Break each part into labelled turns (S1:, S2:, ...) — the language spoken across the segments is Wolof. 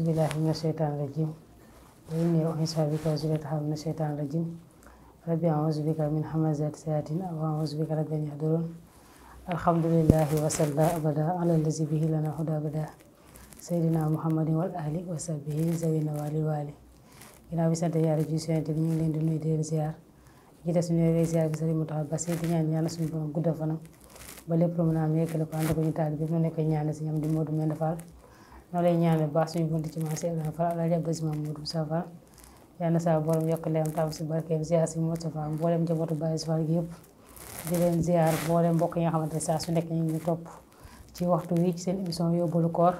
S1: أعوذ بالله من الشيطان الرجيم وإني أحسى بك وزلت حال من الشيطان الرجيم ربي أعوذ بك من حمزات سياتين أو أعوذ بك رب يحضرون الحمد لله وصلى أبدا على الذي به لنا هدى أبدا سيدنا محمد والأهل وصحبه زوين والي والي إلى بسنة يا رجي سيدنا تبني لين دنوي دير زيار جيت سنوي دير زيار بسري متعب بسيط يعني يعني سنبنا قد بلي برمنا ميكلو كان دكوني تعلبي منك سنعم دمود من فعل noo lay ñaanal baax suñu bunt ci maam si Ibrahima Fall Alaaji Abdou Aziz Mamadou Safa yal na sa borom yokk leem tam si barkeem ziar si Moustapha mboolem njabootu Baye Fall gi yëpp di leen ziar mboolem mbokk yi nga xamante ne saa su nekk ñu ngi topp ci waxtu wi ci seen émission yóbbalu koor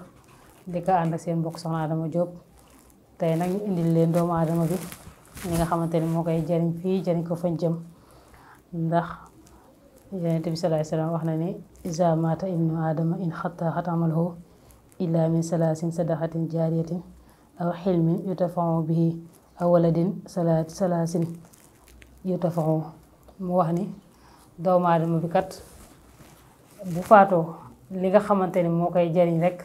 S1: di ko ànd ak seen mbokk soxna Adama Diop tey nag ñu indil leen doomu aadama bi ñi nga xamante ne moo koy jariñ fii jariñ ko fañ jëm ndax yonent bi salaay salaam wax na ni iza maata ibnu aadama in xatta xatamalhu إلا من ثلاث صدقة جارية أو حلم يتفع به أو ولد ثلاث yutafa'u mu wax ni doomu aadama bi kat bu faatoo li nga xamante ni moo koy jariñ rek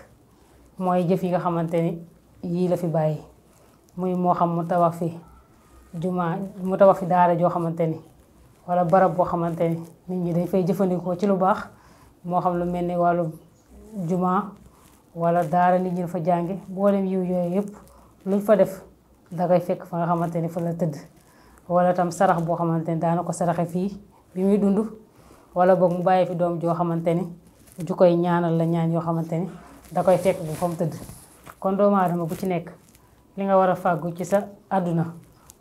S1: mooy jëf yi nga xamante ni yii la fi bàyyi muy moo xam mu tabax fi jumaa mu tabax fi daara joo xamante ni wala barab boo xamante ni nit ñi dañ fay jëfandikoo ci lu baax moo xam lu mel ni wàllu jumaa wala daara nit ñi fa jànge mboolem yiw yooyu yëpp luñ fa def da koy fekk fa nga xamante ni fa la tëdd wala tam sarax boo xamante ni daana ko saraxe fii bi muy dund wala boog mu bàyyi fi doom joo xamante ni ju koy ñaanal la ñaan yoo xamante ni da koy fekk bu fa tëdd kon doomu aadama bu ci nekk li nga war a fàggu ci sa àdduna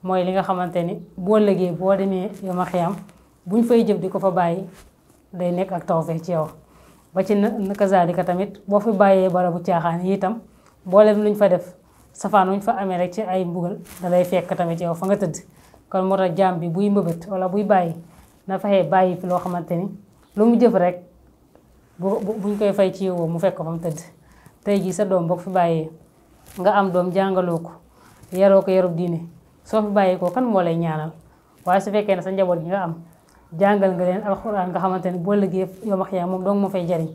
S1: mooy li nga xamante ni boo lëgee boo demee yow ma xiyam buñ fay jëf di ko fa bàyyi day nekk ak tawfeex ci yow ba ci naka zaalika tamit boo fi bàyyee bu caaxaan yi itam lu luñ fa def safaan wuñ fa amee rek ci ay mbugal da lay fekk tamit yow fa nga tëdd kon moo tax jaam bi buy mbëbët wala buy bàyyi na fexee bàyyi fi loo xamante ni lu mu jëf rek bu buñ koy fay ci yow mu fekk fa mu tëdd tey jii sa doom boo fi bàyyee nga am doom jàngaloo ko yaroo ko yarub diine soo fi bàyyi ko kan moo lay ñaanal waaye su fekkee ne sa njaboot bi nga am jàngal nga leen alxuraan nga xamante ne boo liggéey yow ma xiyaam moom dong moo fay jariñ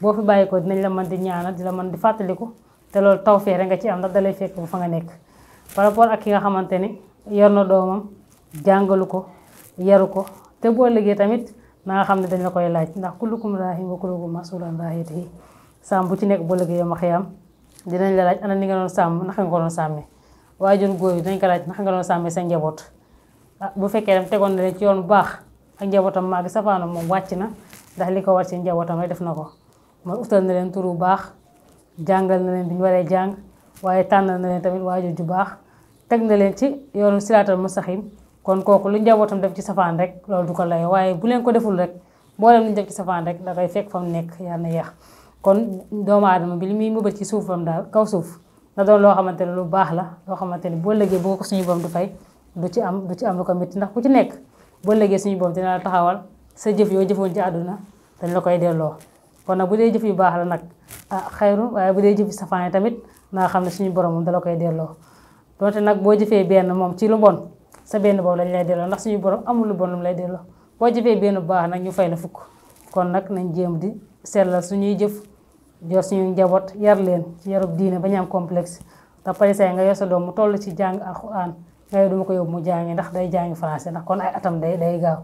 S1: boo fi bàyyi ko dinañ la mën di ñaanal di la mën di fàttaliku te loolu taw fee rek nga ci am ndax dalay fekk bu fa nga nekk par rapport ak ki nga xamante ni yor na doomam jàngalu ko yaru ko te boo liggéey tamit na xam ne dañ koy laaj ndax kullukum raa'in wa kullukum mas'uulun 'an ra'iyyatihi bu ci nekk boo liggéey yow ma xiyaam dinañ la laaj ni nga doon sàmm naka nga ko doon sàmmee waajur góor yi dañ ko laaj naka nga doon sa njaboot ah, bu fekkee dem tegoon na leen ci yoon bu baax ak njabootam maa ngi safaanu moom wàcc na ndax li ko war ci njabootam rek def na ko mooy utal na leen tur bu baax jàngal na leen bi ñu waree jàng waaye tànnal na leen tamit waajur ju baax teg na leen ci yoonu siraatal mustaxim kon kooku lu njabootam def ci safaan rek loolu du ko laye waaye bu leen ko deful rek mboolem lu def ci safaan rek da koy fekk nekk yàlla na kon doomu aadama bi li muy mëbët ci suufam daal kaw suuf na doon loo xamante ne lu baax la loo xamante ne boo lëggee boo ko suñu borom du fay du ci am du ci am lu ko métti ndax ku ci nekk boo léegi suñu boobu dina la taxawal sa jëf yoo jëfoon ci àdduna dañ la koy delloo kon nag bu dee jëf yu baax la nag a ah, xayru waaye bu dee jëf yu safaan tamit naa xam ne suñu borom moom dala koy delloo donte nag boo jëfee benn moom ci lu bon sa benn boobu lañ lay delloo ndax suñu borom amul lu bon lu lay delloo boo jëfee benn bu baax nag ñu fay la fukk kon nag nañ jéem di la suñuy jëf yor suñuy njaboot yar leen ci yarub diine bañ am complexe te pare say nga yor sa doom mu toll ci jàng alxuraan tey duma ko yow mu jàngi ndax day jàngi français ndax kon ay atam day day gaaw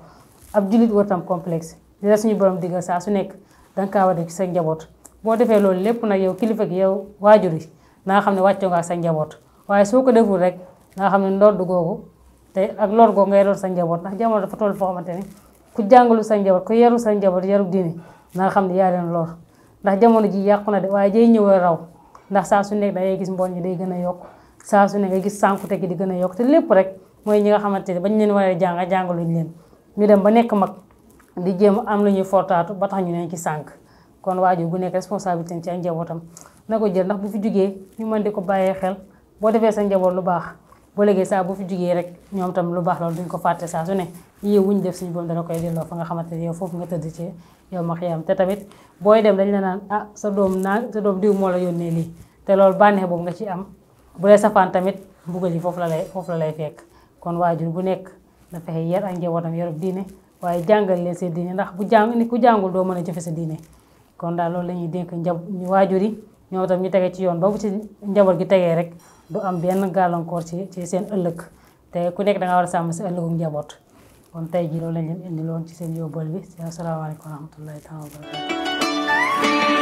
S1: ab jullit war tam complexe li la suñu borom digal saa su nekk danga kaa war a ci sa njaboot boo defee loolu lépp nag yow kilifa yow waajur yi naa xam ne wàccoo sa njaboot waaye soo ko deful rek naa xam ne ndodd googu te ak lor ngay doon sa njaboot ndax jamono dafa toll foo xamante ni ku jàngalu sa njaboot ku yaru sa njaboot yaru diine naa xam ne yaa leen ndax jamono ji yàqu na de waaye jay ñëw raw ndax saa su nekk dangay gis mboon ñi day gën a yokk saa su ne nga gis te gi di gëna yok te lepp rek moy ñi nga xamanteni bañ leen wara jang jang luñ leen ñu dem ba nek mak di jëm am lu ñuy fortaatu ba tax ñu ne ci sank kon waju gu nek responsabilité ci ay njabootam na jël ndax bu fi juggé ñu mën di ko bayé xel bo défé sa njaboot lu baax bo légué saa bu fi juggé rek ñom tam lu baax lool duñ ko faté saa su ne yii wuñ def suñu bon da koy delloo fa nga xamanteni yow fofu nga tedd ci yow ma xiyam te tamit boy dem dañ la naan ah sa dom naa sa dom diw mo la yonne lii te lool bànneex boobu nga ci am bu dee safaan tamit mbugal yi foofu la lay foofu la lay fekk kon waajur bu nekk na fexe yar ak njabootam yarub diine waaye jàngal leen seen ndax bu jàng ni ku jàngul doo mën a jëfe sa diine kon daal loolu la ñuy waajur yi ñoom tam ñu tege ci yoon boobu ci njaboot gi tegee rek du am benn gàllankoor ci ci seen ëllëg te ku nekk da nga sàmm si ëllëgu njaboot kon tey jii loolu lañ leen indi loon ci seen yóbbal bi asalaamaaleykum wa rahmatullahi taala wa